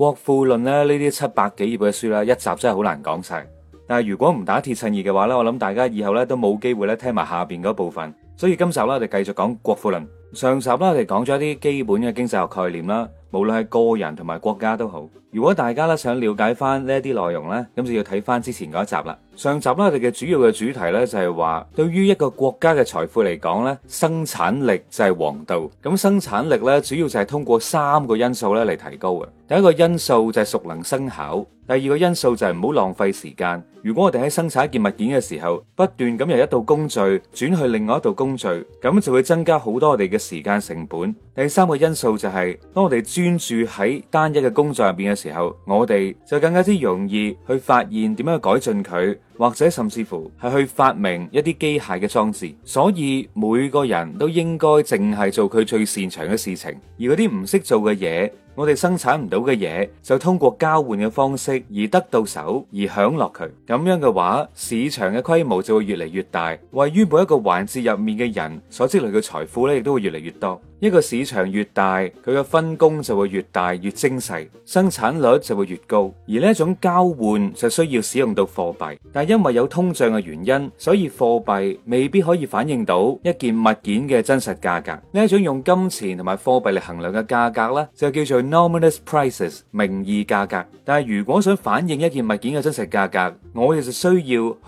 國富論咧，呢啲七百幾頁嘅書啦，一集真係好難講晒，但係如果唔打鐵趁熱嘅話咧，我諗大家以後咧都冇機會咧聽埋下邊嗰部分，所以今集呢，我哋繼續講國富論。上集啦，我哋講咗一啲基本嘅經濟學概念啦，無論係個人同埋國家都好。如果大家咧想了解翻呢一啲內容呢，咁就要睇翻之前嗰一集啦。上集啦，我哋嘅主要嘅主題呢，就係話，對於一個國家嘅財富嚟講呢，生產力就係王道。咁生產力呢，主要就係通過三個因素咧嚟提高嘅。第一個因素就係熟能生巧。第二個因素就係唔好浪費時間。如果我哋喺生產一件物件嘅時候，不斷咁由一道工序轉去另外一道工序，咁就會增加好多我哋嘅時間成本。第三個因素就係，當我哋專注喺單一嘅工作入邊嘅時候，我哋就更加之容易去發現點樣去改進佢，或者甚至乎係去發明一啲機械嘅裝置。所以每個人都應該淨係做佢最擅長嘅事情，而嗰啲唔識做嘅嘢。我哋生產唔到嘅嘢，就通過交換嘅方式而得到手，而享樂佢。咁樣嘅話，市場嘅規模就會越嚟越大。位於每一個環節入面嘅人所積累嘅財富咧，亦都會越嚟越多。一個市場越大，佢嘅分工就會越大越精細，生產率就會越高。而呢種交換就需要使用到貨幣，但因為有通脹嘅原因，所以貨幣未必可以反映到一件物件嘅真實價格。呢一種用金錢同埋貨幣嚟衡量嘅價格咧，就叫做 nominal prices 名義價格，但係如果想反映一件物件嘅真實價格，我哋就需要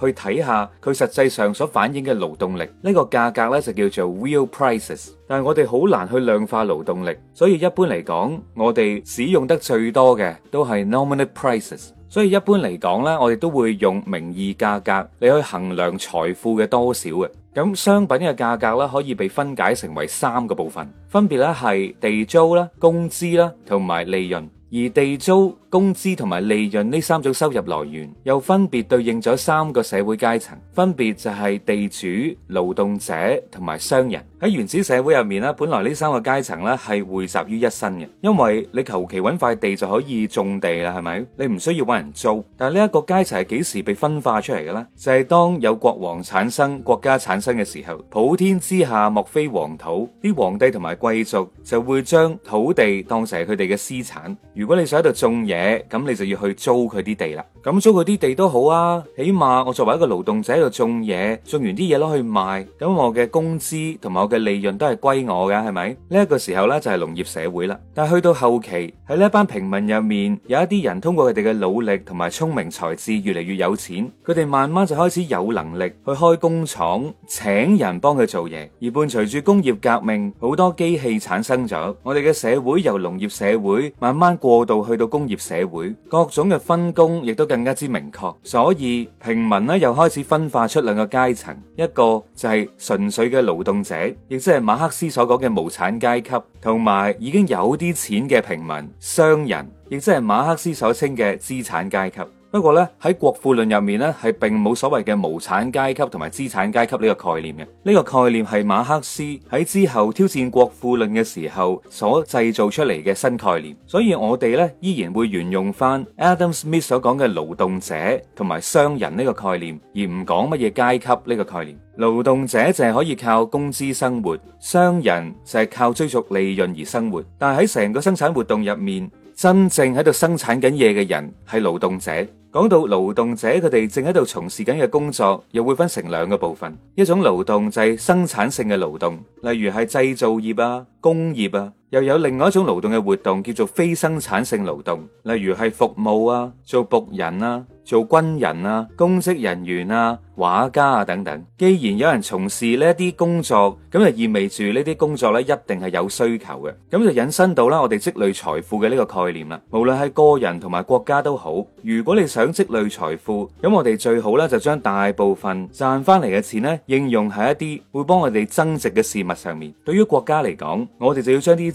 去睇下佢實際上所反映嘅勞動力呢、呢個價格咧，就叫做 real prices。但係我哋好難去量化勞動力，所以一般嚟講，我哋使用得最多嘅都係 nominal prices。所以一般嚟講咧，我哋都會用名義價格嚟去衡量財富嘅多少嘅。咁商品嘅價格咧，可以被分解成為三個部分，分別咧係地租啦、工資啦同埋利潤。而地租、工資同埋利潤呢三種收入來源，又分別對應咗三個社會階層，分別就係地主、勞動者同埋商人。喺原始社會入面啦，本來呢三個階層咧係匯集於一身嘅，因為你求其揾塊地就可以種地啦，係咪？你唔需要揾人租。但係呢一個階層係幾時被分化出嚟嘅呢？就係當有國王產生、國家產生嘅時候，普天之下莫非黃土，啲皇帝同埋貴族就會將土地當成係佢哋嘅私產。如果你想喺度種嘢，咁你就要去租佢啲地啦。咁租佢啲地都好啊，起碼我作為一個勞動者喺度種嘢，種完啲嘢攞去賣，咁我嘅工資同埋嘅利潤都係歸我噶，係咪？呢一個時候咧就係農業社會啦。但係去到後期，喺呢班平民入面，有一啲人通過佢哋嘅努力同埋聰明才智，越嚟越有錢。佢哋慢慢就開始有能力去開工廠，請人幫佢做嘢。而伴隨住工業革命，好多機器產生咗，我哋嘅社會由農業社會慢慢過渡去到工業社會，各種嘅分工亦都更加之明確。所以平民咧又開始分化出兩個階層，一個就係純粹嘅勞動者。亦即係馬克思所講嘅無產階級，同埋已經有啲錢嘅平民商人，亦即係馬克思所稱嘅資產階級。不過咧喺《國富論》入面咧係並冇所謂嘅無產階級同埋資產階級呢個概念嘅，呢個概念係馬克思喺之後挑戰《國富論》嘅時候所製造出嚟嘅新概念。所以我哋咧依然會沿用翻 Adam Smith 所講嘅勞動者同埋商人呢個概念，而唔講乜嘢階級呢個概念。勞動者就係可以靠工資生活，商人就係靠追逐利潤而生活。但係喺成個生產活動入面，真正喺度生產緊嘢嘅人係勞動者。講到勞動者，佢哋正喺度從事緊嘅工作，又會分成兩個部分：一種勞動就係生產性嘅勞動，例如係製造業啊、工業啊。又有另外一種勞動嘅活動，叫做非生產性勞動，例如係服務啊，做僕人啊，做軍人啊，公職人員啊，畫家啊，等等。既然有人從事呢啲工作，咁就意味住呢啲工作呢，一定係有需求嘅。咁就引申到啦，我哋積累財富嘅呢個概念啦，無論係個人同埋國家都好，如果你想積累財富，咁我哋最好呢，就將大部分賺返嚟嘅錢呢，應用喺一啲會幫我哋增值嘅事物上面。對於國家嚟講，我哋就要將啲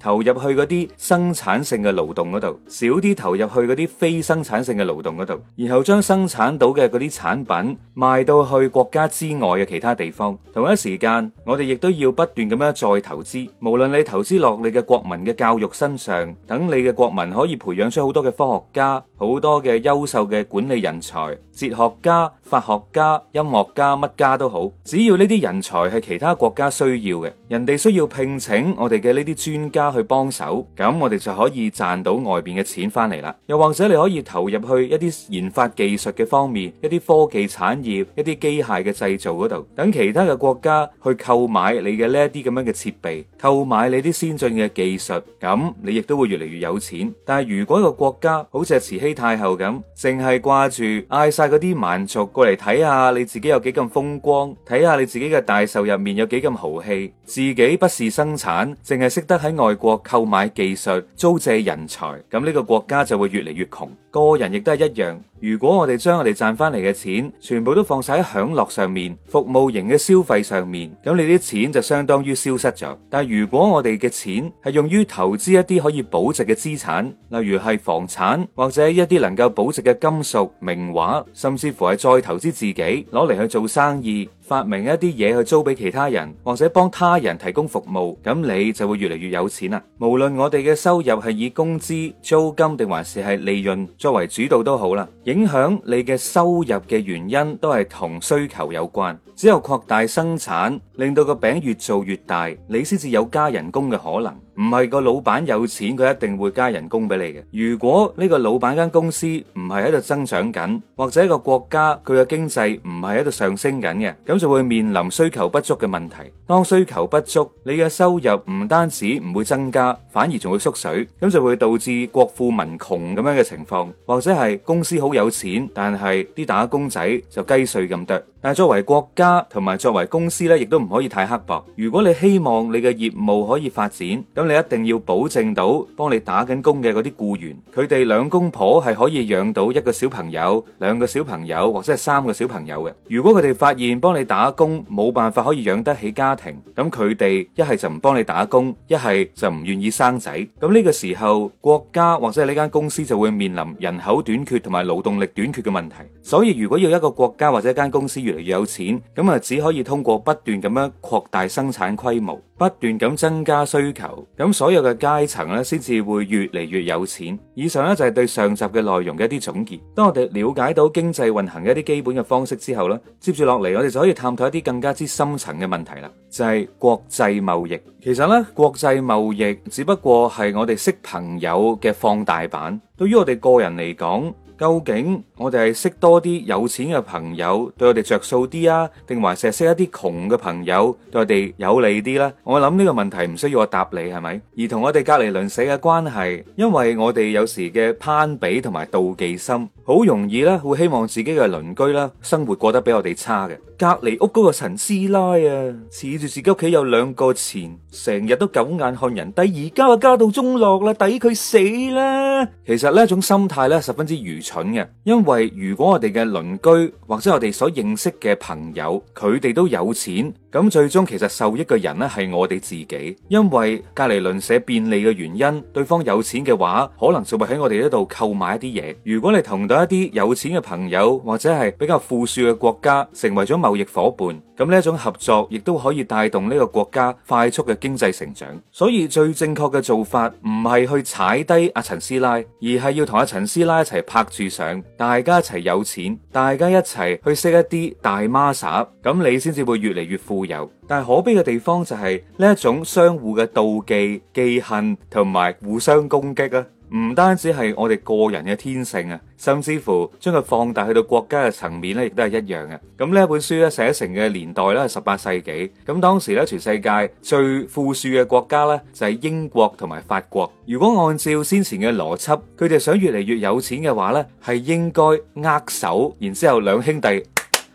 投入去嗰啲生產性嘅勞動嗰度，少啲投入去嗰啲非生產性嘅勞動嗰度，然後將生產到嘅嗰啲產品賣到去國家之外嘅其他地方。同一時間，我哋亦都要不斷咁樣再投資，無論你投資落你嘅國民嘅教育身上，等你嘅國民可以培養出好多嘅科學家、好多嘅優秀嘅管理人才、哲學家、法學家、音樂家，乜家都好。只要呢啲人才係其他國家需要嘅，人哋需要聘請我哋嘅呢啲專家。去幫手，咁我哋就可以賺到外邊嘅錢翻嚟啦。又或者你可以投入去一啲研發技術嘅方面，一啲科技產業，一啲機械嘅製造嗰度，等其他嘅國家去購買你嘅呢一啲咁樣嘅設備，購買你啲先進嘅技術，咁你亦都會越嚟越有錢。但係如果一個國家好似慈禧太后咁，淨係掛住嗌晒嗰啲蠻族過嚟睇下你自己有幾咁風光，睇下你自己嘅大壽入面有幾咁豪氣，自己不是生產，淨係識得喺外。國購買技術、租借人才，咁呢個國家就會越嚟越窮。個人亦都係一樣。如果我哋將我哋賺翻嚟嘅錢全部都放晒喺享樂上面，服務型嘅消費上面，咁你啲錢就相當於消失咗。但係如果我哋嘅錢係用於投資一啲可以保值嘅資產，例如係房產或者一啲能夠保值嘅金屬、名畫，甚至乎係再投資自己，攞嚟去做生意、發明一啲嘢去租俾其他人，或者幫他人提供服務，咁你就會越嚟越有錢啦。無論我哋嘅收入係以工資、租金定還是係利潤。作為主導都好啦，影響你嘅收入嘅原因都係同需求有關，只有擴大生產。令到個餅越做越大，你先至有加人工嘅可能。唔係個老闆有錢，佢一定會加人工俾你嘅。如果呢個老闆間公司唔係喺度增長緊，或者一個國家佢嘅經濟唔係喺度上升緊嘅，咁就會面臨需求不足嘅問題。當需求不足，你嘅收入唔單止唔會增加，反而仲會縮水，咁就會導致國富民窮咁樣嘅情況，或者係公司好有錢，但係啲打工仔就雞碎咁多。但係作為國家同埋作為公司咧，亦都唔可以太刻薄。如果你希望你嘅業務可以發展，咁你一定要保證到，幫你打緊工嘅嗰啲雇員，佢哋兩公婆係可以養到一個小朋友、兩個小朋友或者係三個小朋友嘅。如果佢哋發現幫你打工冇辦法可以養得起家庭，咁佢哋一係就唔幫你打工，一係就唔願意生仔。咁呢個時候，國家或者係呢間公司就會面臨人口短缺同埋勞動力短缺嘅問題。所以如果要一個國家或者一間公司，越嚟越有錢，咁啊只可以通過不斷咁樣擴大生產規模，不斷咁增加需求，咁所有嘅階層咧，先至會越嚟越有錢。以上咧就係對上集嘅內容嘅一啲總結。當我哋了解到經濟運行嘅一啲基本嘅方式之後咧，接住落嚟我哋就可以探討一啲更加之深層嘅問題啦，就係國際貿易。其實咧，國際貿易只不過係我哋識朋友嘅放大版。對於我哋個人嚟講，究竟我哋係識多啲有錢嘅朋友對我哋着數啲啊，定還是係識一啲窮嘅朋友對我哋有利啲咧？我諗呢個問題唔需要我答你，係咪？而同我哋隔籬鄰舍嘅關係，因為我哋有時嘅攀比同埋妒忌心，好容易咧會希望自己嘅鄰居啦生活過得比我哋差嘅。隔籬屋嗰個陳師奶啊，恃住自己屋企有兩個錢，成日都狗眼看人低，而家啊家道中落啦，抵佢死啦！其實呢一種心態咧，十分之愚蠢。蠢嘅，因為如果我哋嘅鄰居或者我哋所認識嘅朋友，佢哋都有錢。咁最終其實受益嘅人呢，係我哋自己，因為隔籬鄰舍便利嘅原因，對方有錢嘅話，可能就會喺我哋呢度購買一啲嘢。如果你同到一啲有錢嘅朋友，或者係比較富庶嘅國家，成為咗貿易夥伴，咁呢一種合作亦都可以帶動呢個國家快速嘅經濟成長。所以最正確嘅做法唔係去踩低阿陳師奶，而係要同阿陳師奶一齊拍住上，大家一齊有錢，大家一齊去識一啲大孖沙，咁你先至會越嚟越富。有，但係可悲嘅地方就係呢一種相互嘅妒忌、忌恨同埋互相攻擊啊！唔單止係我哋個人嘅天性啊，甚至乎將佢放大去到國家嘅層面咧，亦都係一樣嘅。咁呢一本書咧，寫成嘅年代咧，係十八世紀，咁當時咧，全世界最富庶嘅國家咧就係英國同埋法國。如果按照先前嘅邏輯，佢哋想越嚟越有錢嘅話咧，係應該握手，然之後兩兄弟。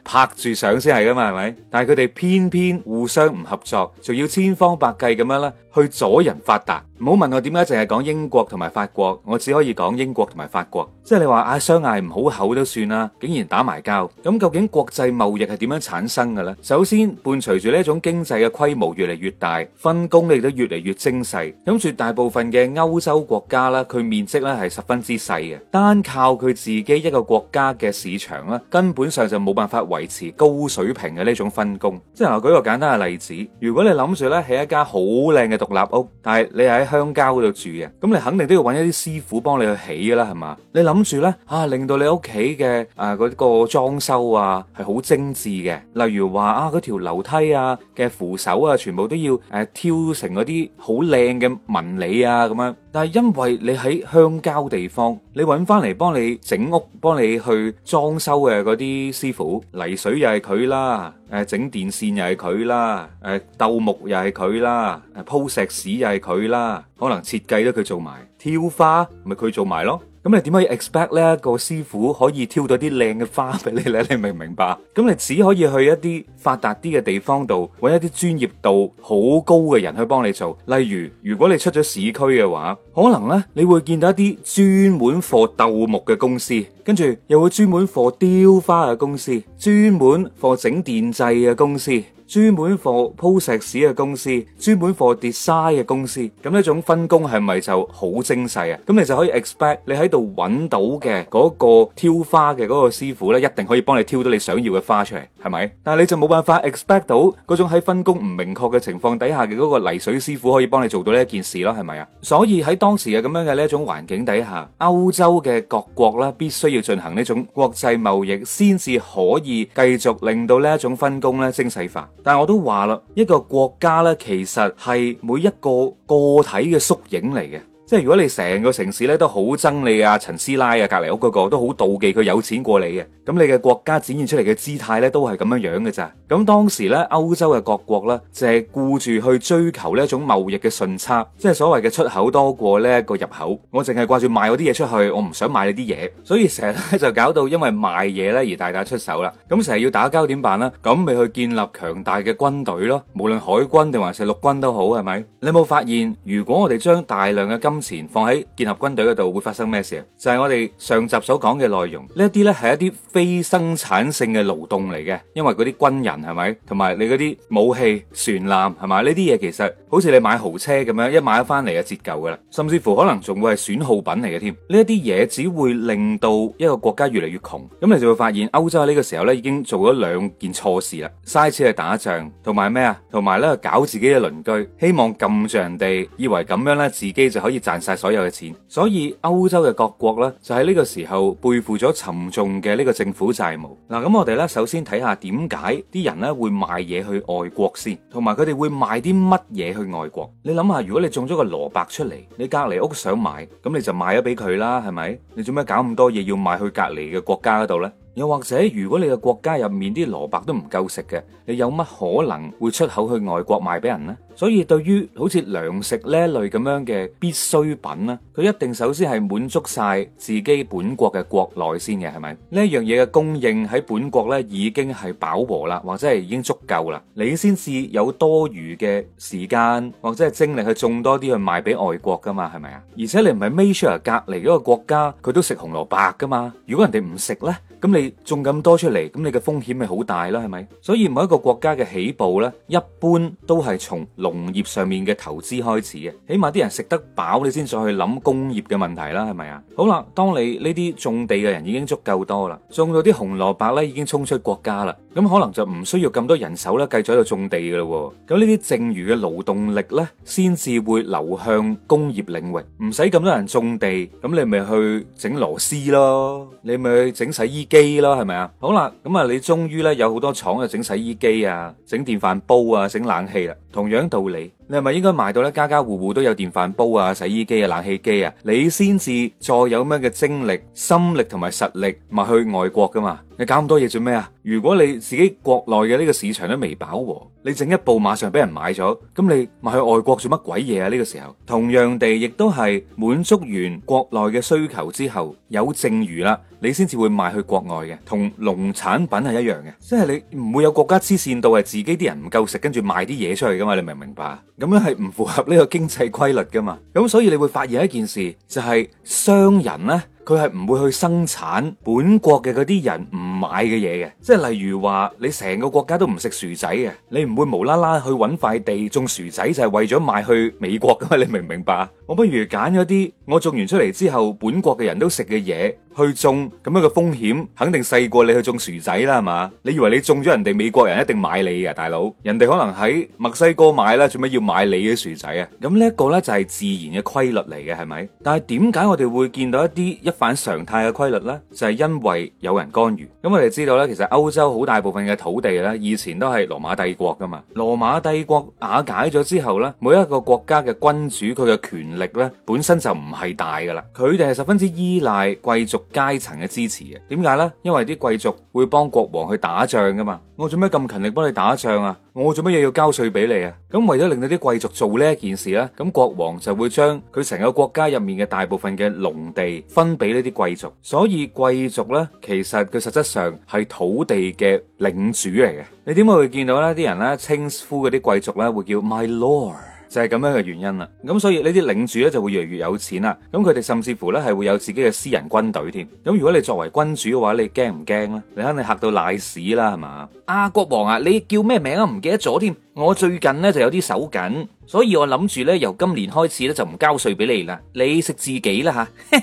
拍住相先係㗎嘛，係咪？但係佢哋偏偏互相唔合作，仲要千方百計咁樣咧，去阻人發達。唔好問我點解淨係講英國同埋法國，我只可以講英國同埋法國。即係你話嗌、啊、商嗌唔好口都算啦，竟然打埋交。咁究竟國際貿易係點樣產生㗎呢？首先伴隨住呢一種經濟嘅規模越嚟越大，分工亦都越嚟越精細。咁、嗯、絕大部分嘅歐洲國家啦，佢面積咧係十分之細嘅，單靠佢自己一個國家嘅市場啦，根本上就冇辦法維持高水平嘅呢種分工。即係我舉個簡單嘅例子，如果你諗住咧起一間好靚嘅獨立屋，但係你喺香膠嗰度住嘅，咁你肯定都要揾一啲師傅幫你去起噶啦，係嘛？你諗住呢，啊，令到你屋企嘅啊嗰、嗰個裝修啊係好精緻嘅，例如話啊嗰條樓梯啊嘅扶手啊，全部都要誒、啊、挑成嗰啲好靚嘅紋理啊咁樣。但係因為你喺鄉郊地方，你揾翻嚟幫你整屋、幫你去裝修嘅嗰啲師傅，泥水又係佢啦，誒、啊、整電線又係佢啦，誒、啊、鬥木又係佢啦，誒鋪石屎又係佢啦，可能設計都佢做埋，挑花咪佢做埋咯。咁你點可以 expect 呢一個師傅可以挑到啲靚嘅花俾你呢？你明唔明白？咁你只可以去一啲發達啲嘅地方度，搵一啲專業度好高嘅人去幫你做。例如，如果你出咗市區嘅話，可能呢，你會見到一啲專門貨鬥木嘅公司，跟住又會專門貨雕花嘅公司，專門貨整電制嘅公司。專門貨鋪石屎嘅公司，專門貨 design 嘅公司，咁呢一種分工係咪就好精細啊？咁你就可以 expect 你喺度揾到嘅嗰個挑花嘅嗰個師傅咧，一定可以幫你挑到你想要嘅花出嚟，係咪？但係你就冇辦法 expect 到嗰種喺分工唔明確嘅情況底下嘅嗰個泥水師傅可以幫你做到呢一件事咯，係咪啊？所以喺當時嘅咁樣嘅呢一種環境底下，歐洲嘅各國咧必須要進行呢種國際貿易，先至可以繼續令到呢一種分工咧精細化。但我都話啦，一個國家呢，其實係每一個個體嘅縮影嚟嘅。即係如果你成個城市咧都好憎你啊，陳師奶啊，隔籬屋嗰個都好妒忌佢有錢過你嘅，咁你嘅國家展現出嚟嘅姿態咧都係咁樣樣嘅咋？咁當時咧歐洲嘅各國咧淨係顧住去追求呢一種貿易嘅順差，即係所謂嘅出口多過呢一個入口。我淨係掛住賣嗰啲嘢出去，我唔想買你啲嘢，所以成日咧就搞到因為賣嘢咧而大打出手啦。咁成日要打交點辦咧？咁咪去建立強大嘅軍隊咯，無論海軍定還是陸軍都好，係咪？你有冇發現如果我哋將大量嘅金金錢放喺建立軍隊嗰度會發生咩事？就係我哋上集所講嘅內容，呢一啲呢係一啲非生產性嘅勞動嚟嘅，因為嗰啲軍人係咪？同埋你嗰啲武器、船艦係咪？呢啲嘢其實好似你買豪車咁樣，一買咗翻嚟就折舊噶啦，甚至乎可能仲會係損耗品嚟嘅添。呢一啲嘢只會令到一個國家越嚟越窮。咁你就會發現歐洲喺呢個時候呢已經做咗兩件錯事啦：嘥錢去打仗，同埋咩啊？同埋呢搞自己嘅鄰居，希望撳住人哋，以為咁樣呢自己就可以。賺晒所有嘅錢，所以歐洲嘅各國呢，就喺呢個時候背負咗沉重嘅呢個政府債務。嗱、嗯，咁我哋呢，首先睇下點解啲人呢會賣嘢去外國先，同埋佢哋會賣啲乜嘢去外國？你諗下，如果你種咗個蘿蔔出嚟，你隔籬屋想買，咁你就賣咗俾佢啦，係咪？你做咩搞咁多嘢要賣去隔籬嘅國家嗰度呢？又或者，如果你嘅國家入面啲蘿蔔都唔夠食嘅，你有乜可能會出口去外國賣俾人呢？所以對於好似糧食呢一類咁樣嘅必需品咧，佢一定首先係滿足晒自己本國嘅國內先嘅，係咪呢？一樣嘢嘅供應喺本國呢已經係飽和啦，或者係已經足夠啦，你先至有多餘嘅時間或者係精力去種多啲去賣俾外國噶嘛？係咪啊？而且你唔係 make sure 隔離嗰個國家，佢都食紅蘿蔔噶嘛？如果人哋唔食呢？咁你種咁多出嚟，咁你嘅風險咪好大啦，係咪？所以每一個國家嘅起步呢，一般都係從農業上面嘅投資開始嘅，起碼啲人食得飽，你先再去諗工業嘅問題啦，係咪啊？好啦，當你呢啲種地嘅人已經足夠多啦，種到啲紅蘿卜呢已經衝出國家啦，咁可能就唔需要咁多人手呢繼續喺度種地噶啦。咁呢啲剩餘嘅勞動力呢，先至會流向工業領域，唔使咁多人種地，咁你咪去整螺絲咯，你咪去整洗衣機。機咯，係咪啊？好 啦樂，咁啊，你終於咧有好多廠啊整洗衣機啊，整電飯煲啊，整冷氣啦，同樣道理。 你係咪應該賣到咧？家家戶戶都有電飯煲啊、洗衣機啊、冷氣機啊，你先至再有咩嘅精力、心力同埋實力，咪去外國噶嘛？你搞咁多嘢做咩啊？如果你自己國內嘅呢個市場都未飽和，你整一部馬上俾人買咗，咁你賣去外國做乜鬼嘢啊？呢個時候，同樣地亦都係滿足完國內嘅需求之後有剩餘啦，你先至會賣去國外嘅，同農產品係一樣嘅，即係你唔會有國家黐線到係自己啲人唔夠食，跟住賣啲嘢出去噶嘛？你明唔明白啊？咁樣係唔符合呢個經濟規律噶嘛？咁所以你會發現一件事，就係商人呢，佢係唔會去生產本國嘅嗰啲人唔買嘅嘢嘅，即係例如話你成個國家都唔食薯仔嘅，你唔會無啦啦去揾塊地種薯仔就係為咗賣去美國噶嘛？你明唔明白？我不如揀咗啲我種完出嚟之後本國嘅人都食嘅嘢。去種咁樣嘅風險，肯定細過你去種薯仔啦，係嘛？你以為你種咗人哋美國人一定買你啊，大佬？人哋可能喺墨西哥買啦，做乜要買你嘅薯仔啊？咁呢一個呢就係自然嘅規律嚟嘅，係咪？但係點解我哋會見到一啲一反常態嘅規律呢？就係因為有人干預。咁我哋知道呢，其實歐洲好大部分嘅土地呢，以前都係羅馬帝國噶嘛。羅馬帝國瓦解咗之後呢，每一個國家嘅君主佢嘅權力呢，本身就唔係大噶啦。佢哋係十分之依賴貴族。階層嘅支持嘅，點解呢？因為啲貴族會幫國王去打仗噶嘛，我做咩咁勤力幫你打仗啊？我做乜嘢要交稅俾你啊？咁為咗令到啲貴族做呢一件事呢，咁國王就會將佢成個國家入面嘅大部分嘅農地分俾呢啲貴族，所以貴族呢，其實佢實質上係土地嘅領主嚟嘅。你點解會見到呢啲人呢？稱呼嗰啲貴族呢，會叫 My Lord。就係咁樣嘅原因啦。咁所以呢啲領主咧就會越嚟越有錢啦。咁佢哋甚至乎呢，係會有自己嘅私人軍隊添。咁如果你作為君主嘅話，你驚唔驚呢？你肯定吓到瀨屎啦，係嘛？啊，國王啊，你叫咩名啊？唔記得咗添。我最近呢，就有啲手緊，所以我諗住呢，由今年開始呢，就唔交稅俾你啦。你食自己啦吓。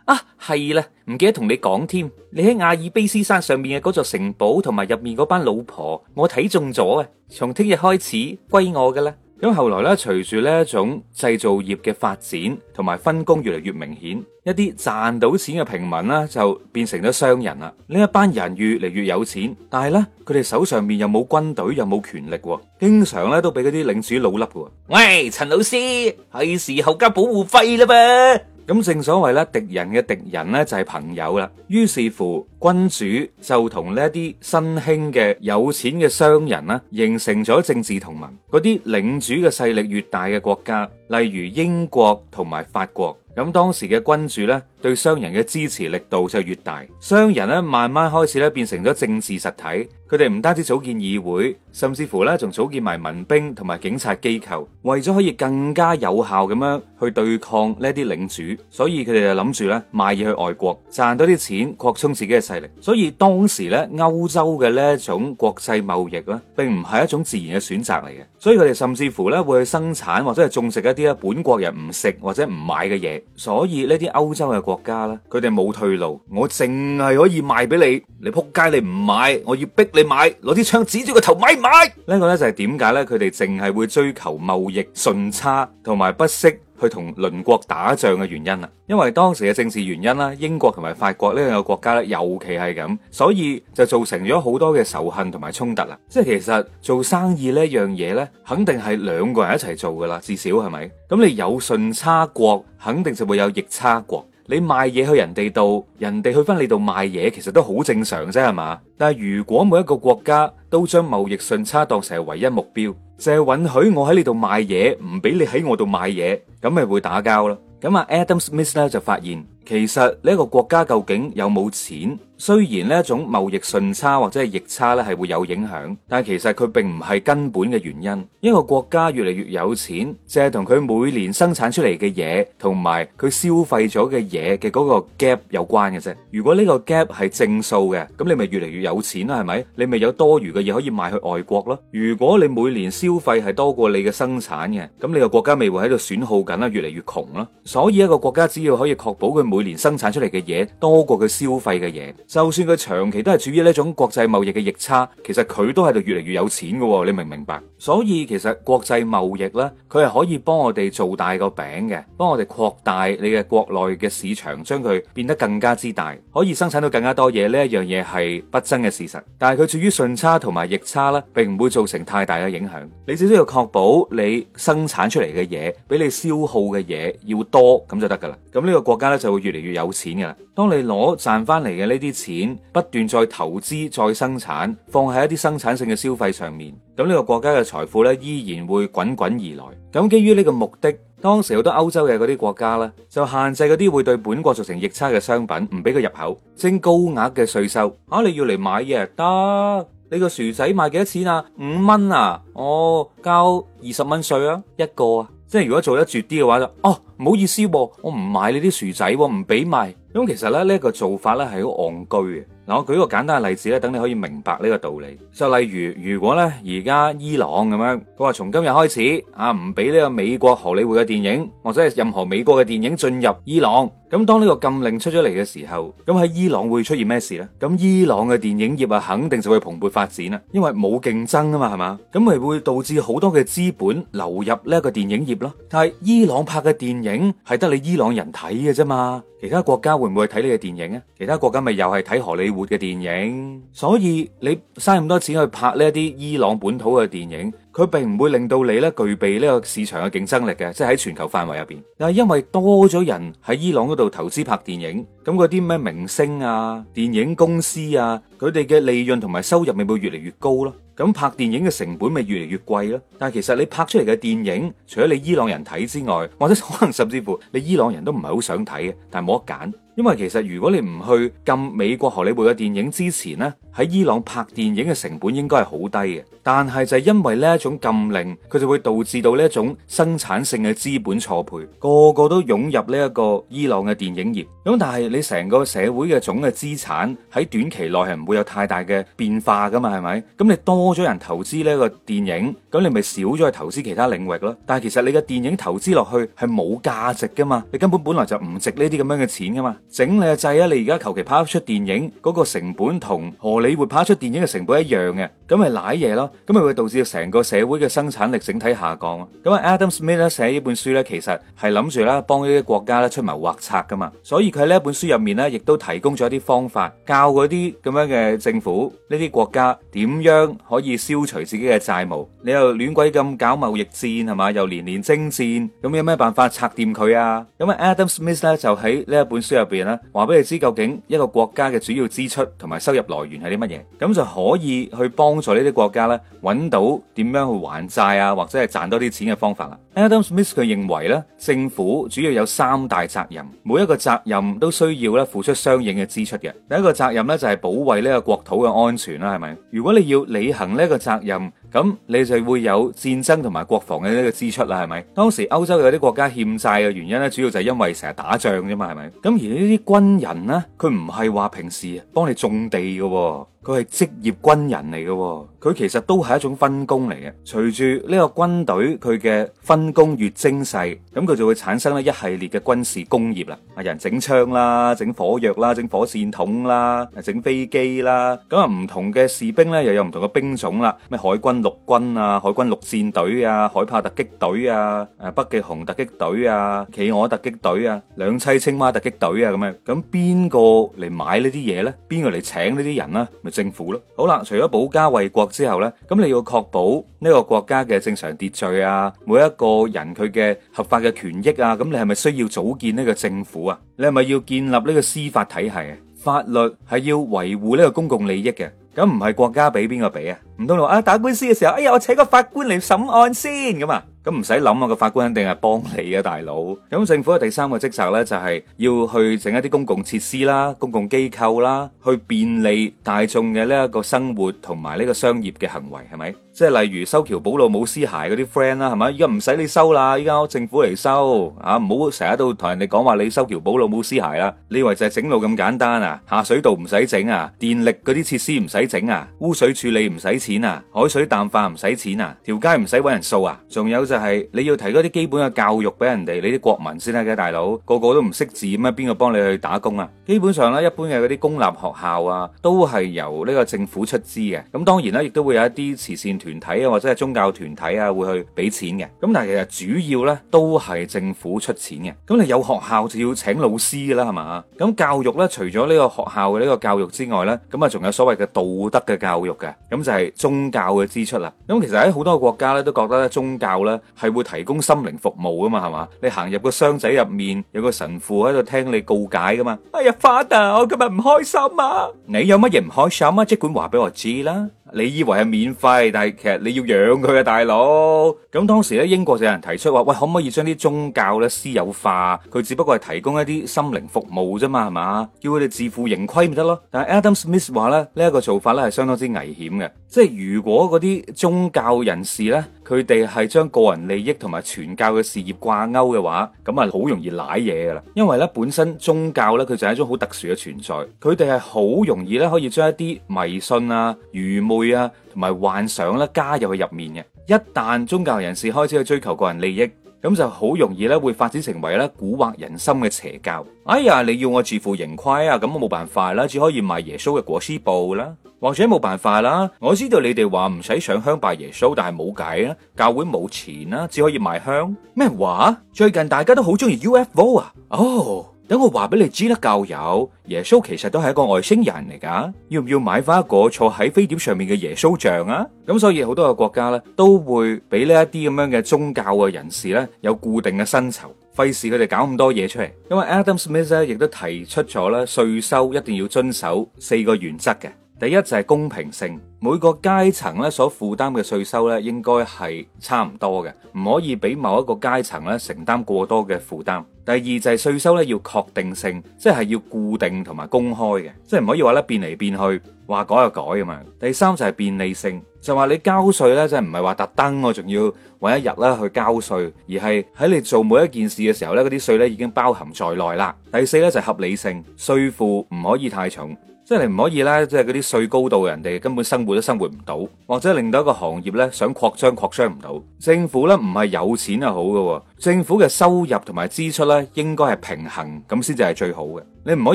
啊，係啦，唔記得同你講添。你喺阿爾卑斯山上面嘅嗰座城堡同埋入面嗰班老婆，我睇中咗啊！從聽日開始歸我嘅啦。咁後來咧，隨住呢一種製造業嘅發展，同埋分工越嚟越明顯，一啲賺到錢嘅平民呢，就變成咗商人啦。呢一班人越嚟越有錢，但係呢，佢哋手上面又冇軍隊，又冇權力，經常呢都俾嗰啲領主老笠嘅。喂，陳老師，係時候交保護費啦噃。咁正所謂咧，敵人嘅敵人咧就係朋友啦。於是乎，君主就同呢一啲新興嘅有錢嘅商人啦，形成咗政治同盟。嗰啲領主嘅勢力越大嘅國家，例如英國同埋法國，咁當時嘅君主咧。對商人嘅支持力度就越大，商人咧慢慢開始咧變成咗政治實體，佢哋唔單止組建議會，甚至乎咧仲組建埋民兵同埋警察機構，為咗可以更加有效咁樣去對抗呢啲領主，所以佢哋就諗住咧賣嘢去外國，賺多啲錢擴充自己嘅勢力。所以當時咧歐洲嘅呢一種國際貿易咧，並唔係一種自然嘅選擇嚟嘅，所以佢哋甚至乎咧會去生產或者係種植一啲咧本國人唔食或者唔買嘅嘢，所以呢啲歐洲嘅國。國家啦，佢哋冇退路，我淨係可以賣俾你。你扑街，你唔買，我要逼你買，攞啲槍指住個頭買唔買？呢個呢，就係點解呢？佢哋淨係會追求貿易順差，同埋不惜去同鄰國打仗嘅原因啦。因為當時嘅政治原因啦，英國同埋法國呢兩個國家咧，尤其係咁，所以就造成咗好多嘅仇恨同埋衝突啦。即係其實做生意呢樣嘢呢，肯定係兩個人一齊做噶啦，至少係咪？咁你有順差國，肯定就會有逆差國。你賣嘢去人哋度，人哋去翻你度賣嘢，其實都好正常啫，係嘛？但係如果每一個國家都將貿易順差當成係唯一目標，淨係允許我喺你度賣嘢，唔俾你喺我度賣嘢，咁咪會打交啦。咁、嗯、阿 Adam Smith 咧就發現。其實呢一個國家究竟有冇錢？雖然呢一種貿易順差或者係逆差咧係會有影響，但係其實佢並唔係根本嘅原因。一個國家越嚟越有錢，就係同佢每年生產出嚟嘅嘢同埋佢消費咗嘅嘢嘅嗰個 gap 有關嘅啫。如果呢個 gap 係正數嘅，咁你咪越嚟越有錢啦，係咪？你咪有多餘嘅嘢可以賣去外國咯。如果你每年消費係多過你嘅生產嘅，咁你個國家咪會喺度損耗緊啦，越嚟越窮咯。所以一個國家只要可以確保佢。每年生產出嚟嘅嘢多過佢消費嘅嘢，就算佢長期都係處於呢種國際貿易嘅逆差，其實佢都喺度越嚟越有錢嘅喎、哦，你明唔明白？所以其實國際貿易呢，佢係可以幫我哋做大個餅嘅，幫我哋擴大你嘅國內嘅市場，將佢變得更加之大，可以生產到更加多嘢。呢一樣嘢係不爭嘅事實，但係佢處於順差同埋逆差呢，並唔會造成太大嘅影響。你只需要確保你生產出嚟嘅嘢比你消耗嘅嘢要多，咁就得噶啦。咁呢個國家呢，就會。越嚟越有錢嘅啦！當你攞賺翻嚟嘅呢啲錢，不斷再投資、再生產，放喺一啲生產性嘅消費上面，咁呢個國家嘅財富呢，依然會滾滾而來。咁基於呢個目的，當時好多歐洲嘅嗰啲國家呢，就限制嗰啲會對本國造成逆差嘅商品，唔俾佢入口，徵高額嘅稅收。吓、啊，你要嚟買嘢得？你個薯仔賣幾多錢啊？五蚊啊？哦，交二十蚊稅啊，一個啊！即係如果做得絕啲嘅話就，就哦唔好意思、啊，我唔買你啲薯仔喎、啊，唔俾賣。咁、嗯、其實咧，呢、這、一個做法咧係好戇居嘅。嗱，我舉一個簡單嘅例子咧，等你可以明白呢個道理。就例如，如果咧而家伊朗咁樣，佢話從今日開始啊，唔俾呢個美國荷里活嘅電影或者係任何美國嘅電影進入伊朗。咁當呢個禁令出咗嚟嘅時候，咁喺伊朗會出現咩事呢？咁伊朗嘅電影業啊，肯定就會蓬勃發展啦，因為冇競爭啊嘛，係嘛？咁咪會導致好多嘅資本流入呢個電影業咯。但係伊朗拍嘅電影係得你伊朗人睇嘅啫嘛。其他國家會唔會去睇呢個電影啊？其他國家咪又係睇荷里活嘅電影，所以你嘥咁多錢去拍呢啲伊朗本土嘅電影，佢並唔會令到你咧具備呢個市場嘅競爭力嘅，即係喺全球範圍入邊。但係因為多咗人喺伊朗嗰度投資拍電影，咁嗰啲咩明星啊、電影公司啊，佢哋嘅利潤同埋收入咪會越嚟越高咯。咁拍電影嘅成本咪越嚟越貴咯，但係其實你拍出嚟嘅電影，除咗你伊朗人睇之外，或者可能甚至乎你伊朗人都唔係好想睇嘅，但係冇得揀。因為其實如果你唔去禁美國荷里活嘅電影之前呢，喺伊朗拍電影嘅成本應該係好低嘅。但係就係因為呢一種禁令，佢就會導致到呢一種生產性嘅資本錯配，個個都湧入呢一個伊朗嘅電影業。咁但係你成個社會嘅總嘅資產喺短期內係唔會有太大嘅變化噶嘛？係咪？咁你多咗人投資呢個電影。咁你咪少咗去投資其他領域咯？但係其實你嘅電影投資落去係冇價值噶嘛？你根本本來就唔值呢啲咁樣嘅錢噶嘛？整理嘅制啊！你而家求其拍一出電影嗰個成本同荷里活拍一出電影嘅成本一樣嘅，咁咪瀨嘢咯！咁咪會導致成個社會嘅生產力整體下降咯。咁啊，Adam Smith 咧寫呢本書咧，其實係諗住咧幫呢啲國家咧出謀劃策噶嘛。所以佢喺呢一本書入面咧，亦都提供咗一啲方法，教嗰啲咁樣嘅政府呢啲國家點樣可以消除自己嘅債務。你又？亂鬼咁搞貿易戰係嘛，又年年征戰，咁有咩辦法拆掂佢啊？咁啊，Adam Smith 咧就喺呢一本書入邊咧，話俾你知究竟一個國家嘅主要支出同埋收入來源係啲乜嘢，咁就可以去幫助呢啲國家咧，搵到點樣去還債啊，或者係賺多啲錢嘅方法啦。Adam Smith 佢認為咧，政府主要有三大責任，每一個責任都需要咧付出相應嘅支出嘅。第一個責任咧就係保衛呢個國土嘅安全啦，係咪？如果你要履行呢個責任，咁你就會有戰爭同埋國防嘅呢個支出啦，係咪？當時歐洲有啲國家欠債嘅原因呢，主要就係因為成日打仗啫嘛，係咪？咁而呢啲軍人呢，佢唔係話平時幫你種地嘅。佢係職業軍人嚟嘅，佢其實都係一種分工嚟嘅。隨住呢個軍隊佢嘅分工越精細，咁佢就會產生咧一系列嘅軍事工業啦，啊人整槍啦，整火藥啦，整火箭筒啦，啊整飛機啦。咁啊唔同嘅士兵咧又有唔同嘅兵種啦，咩海軍陸軍啊，海軍陸戰隊啊，海豹突擊隊啊，誒北極熊突擊隊啊，企鵝突擊隊啊，兩棲青蛙突擊隊啊咁樣。咁邊個嚟買呢啲嘢咧？邊個嚟請呢啲人咧？政府咯，好啦，除咗保家衛國之後咧，咁你要確保呢個國家嘅正常秩序啊，每一個人佢嘅合法嘅權益啊，咁你係咪需要組建呢個政府啊？你係咪要建立呢個司法體系啊？法律係要維護呢個公共利益嘅，咁唔係國家俾邊個俾啊？.唔通話啊！打官司嘅時候，哎呀，我請個法官嚟審案先咁啊！咁唔使諗啊，個法官肯定係幫你啊，大佬。咁政府嘅第三個職責呢，就係要去整一啲公共設施啦、公共機構啦，去便利大眾嘅呢一個生活同埋呢個商業嘅行為，係咪？即係例如修橋補路冇屍骸嗰啲 friend 啦，係咪？依家唔使你收啦，依家我政府嚟收啊！唔好成日都同人哋講話你修橋補路冇屍骸啦，你以為就係整路咁簡單啊？下水道唔使整啊，電力嗰啲設施唔使整啊，污水處理唔使錢。錢啊，海水淡化唔使錢啊，條街唔使搵人掃啊，仲有就係、是、你要提供啲基本嘅教育俾人哋，你啲國民先得、啊、嘅，大佬個個都唔識字咩？邊個幫你去打工啊？基本上呢，一般嘅嗰啲公立學校啊，都係由呢個政府出資嘅。咁當然啦，亦都會有一啲慈善團體啊，或者係宗教團體啊，會去俾錢嘅。咁但係其實主要呢，都係政府出錢嘅。咁你有學校就要請老師㗎啦，係嘛？咁教育呢，除咗呢個學校嘅呢個教育之外呢，咁啊仲有所謂嘅道德嘅教育嘅，咁就係、是。宗教嘅支出啦，咁其實喺好多個國家咧都覺得咧宗教咧係會提供心靈服務噶嘛，係嘛，你行入個箱仔入面有個神父喺度聽你告解噶嘛，哎呀，Father，我今日唔開心啊，你有乜嘢唔開心啊，即管話俾我知啦。你以為係免費，但係其實你要養佢啊，大佬。咁當時咧，英國就有人提出話，喂，可唔可以將啲宗教咧私有化？佢只不過係提供一啲心靈服務啫嘛，係嘛，叫佢哋自負盈虧咪得咯。但係 Adam Smith 話咧，呢一個做法咧係相當之危險嘅，即係如果嗰啲宗教人士咧。佢哋係將個人利益同埋傳教嘅事業掛鈎嘅話，咁啊好容易舐嘢噶啦。因為咧本身宗教呢，佢就係一種好特殊嘅存在，佢哋係好容易咧可以將一啲迷信啊、愚昧啊同埋幻想咧、啊、加入去入面嘅。一旦宗教人士開始去追求個人利益。咁就好容易咧，會發展成為咧蠱惑人心嘅邪教。哎呀，你要我自負盈虧啊，咁我冇辦法啦，只可以賣耶穌嘅裹屍布啦，或者冇辦法啦。我知道你哋話唔使上香拜耶穌，但係冇計啦，教會冇錢啦、啊，只可以賣香。咩話？最近大家都好中意 UFO 啊？哦、oh。等我話俾你知啦，教友耶穌其實都係一個外星人嚟噶，要唔要買翻一個坐喺飛碟上面嘅耶穌像啊？咁所以好多嘅國家呢，都會俾呢一啲咁樣嘅宗教嘅人士呢，有固定嘅薪酬，費事佢哋搞咁多嘢出嚟。因為 Adam Smith 呢亦都提出咗呢稅收一定要遵守四個原則嘅，第一就係公平性，每個階層呢，所負擔嘅稅收呢，應該係差唔多嘅，唔可以俾某一個階層呢承擔過多嘅負擔。第二就係稅收咧要確定性，即係要固定同埋公開嘅，即係唔可以話咧變嚟變去，話改就改咁樣。第三就係便利性，就話你交稅咧，即係唔係話特登我仲要揾一日啦去交稅，而係喺你做每一件事嘅時候咧，嗰啲稅咧已經包含在內啦。第四咧就係合理性，稅負唔可以太重。即係你唔可以咧，即係嗰啲稅高到人哋根本生活都生活唔到，或者令到一個行業咧想擴張擴張唔到。政府咧唔係有錢就好嘅，政府嘅收入同埋支出咧應該係平衡咁先至係最好嘅。你唔可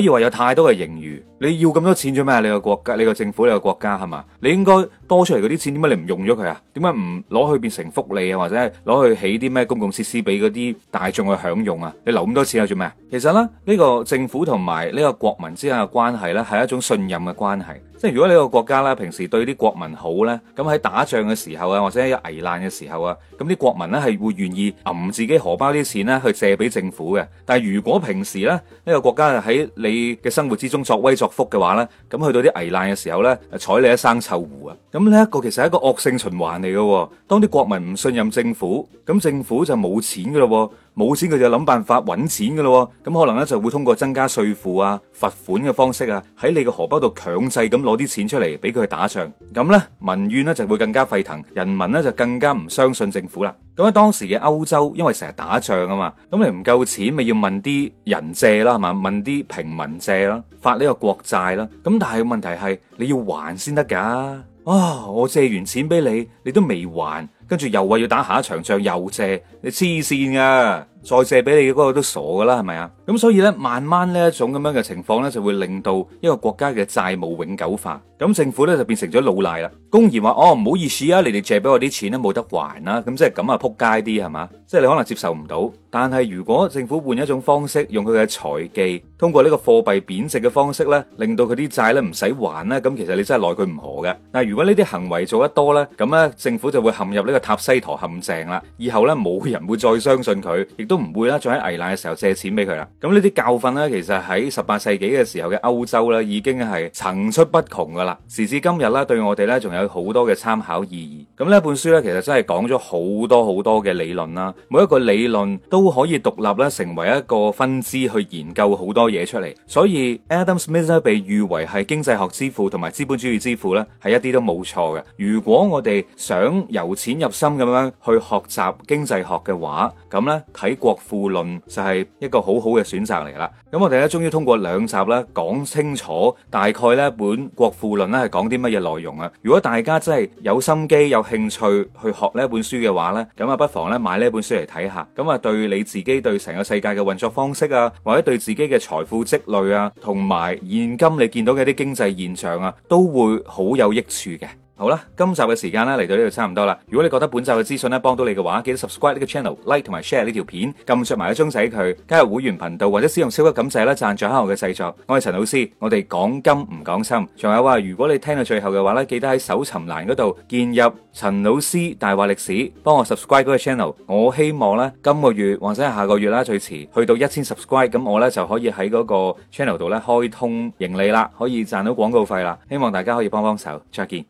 以話有太多嘅盈餘，你要咁多錢做咩啊？你個國家、你個政府、你個國家係嘛？你應該多出嚟嗰啲錢，點解你唔用咗佢啊？點解唔攞去變成福利啊？或者係攞去起啲咩公共設施俾嗰啲大眾去享用啊？你留咁多錢做咩啊？其實咧，呢個政府同埋呢個國民之間嘅關係咧，係一種信任嘅關係。即係如果你個國家咧，平時對啲國民好咧，咁喺打仗嘅時候啊，或者喺危難嘅時候啊，咁啲國民咧，係會願意揞自己荷包啲錢咧去借俾政府嘅。但係如果平時咧，呢個國家係喺你嘅生活之中作威作福嘅話咧，咁去到啲危難嘅時候咧，睬你一生臭狐啊！咁呢一個其實係一個惡性循環嚟嘅。當啲國民唔信任政府，咁政府就冇錢噶咯。冇錢佢就諗辦法揾錢㗎咯，咁可能呢就會通過增加稅負啊、罰款嘅方式啊，喺你個荷包度強制咁攞啲錢出嚟俾佢去打仗。咁呢，民怨呢就會更加沸騰，人民呢就更加唔相信政府啦。咁喺當時嘅歐洲，因為成日打仗啊嘛，咁你唔夠錢咪要問啲人借啦，係嘛？問啲平民借啦，發呢個國債啦。咁但係問題係你要還先得㗎。啊、哦，我借完錢俾你，你都未還。跟住又話要打下一場仗，又借，你黐線噶。再借俾你嗰個都傻噶啦，係咪啊？咁所以呢，慢慢呢一種咁樣嘅情況呢，就會令到一個國家嘅債務永久化。咁政府呢，就變成咗老賴啦，公然話哦唔好意思啊，你哋借俾我啲錢咧冇得還啦。咁即係咁啊，撲街啲係嘛？即係你可能接受唔到。但係如果政府換一種方式，用佢嘅財技，通過呢個貨幣貶值嘅方式呢，令到佢啲債呢唔使還咧，咁其實你真係奈佢唔何嘅。嗱，如果呢啲行為做得多呢，咁呢，政府就會陷入呢個塔西佗陷阱啦。以後呢，冇人會再相信佢。都唔會啦，仲喺危難嘅時候借錢俾佢啦。咁呢啲教訓呢，其實喺十八世紀嘅時候嘅歐洲呢，已經係層出不窮噶啦。時至今日呢，對我哋呢，仲有好多嘅參考意義。咁呢本書呢，其實真係講咗好多好多嘅理論啦。每一個理論都可以獨立咧，成為一個分支去研究好多嘢出嚟。所以 Adam Smith 咧，被譽為係經濟學之父同埋資本主義之父呢，係一啲都冇錯嘅。如果我哋想由淺入深咁樣去學習經濟學嘅話，咁呢。睇。《國富論》就係一個好好嘅選擇嚟啦。咁我哋咧，終於通過兩集咧講清楚，大概呢本《國富論》咧係講啲乜嘢內容啊。如果大家真係有心機、有興趣去學呢本書嘅話咧，咁啊，不妨咧買呢本書嚟睇下。咁啊，對你自己、對成個世界嘅運作方式啊，或者對自己嘅財富積累啊，同埋現今你見到嘅啲經濟現象啊，都會好有益處嘅。好啦，今集嘅時間咧嚟到呢度差唔多啦。如果你覺得本集嘅資訊咧幫到你嘅話，記得 subscribe 呢個 channel，like 同埋 share 呢條片，撳着埋一鐘仔佢，加入會員頻道或者使用超級感謝啦，贊助下我嘅製作。我係陳老師，我哋講金唔講心。仲有啊，如果你聽到最後嘅話咧，記得喺搜尋欄嗰度鍵入陳老師大話歷史，幫我 subscribe 嗰個 channel。我希望咧今個月或者係下個月啦，最遲去到一千 subscribe 咁，我咧就可以喺嗰個 channel 度咧開通盈利啦，可以賺到廣告費啦。希望大家可以幫幫手，再見。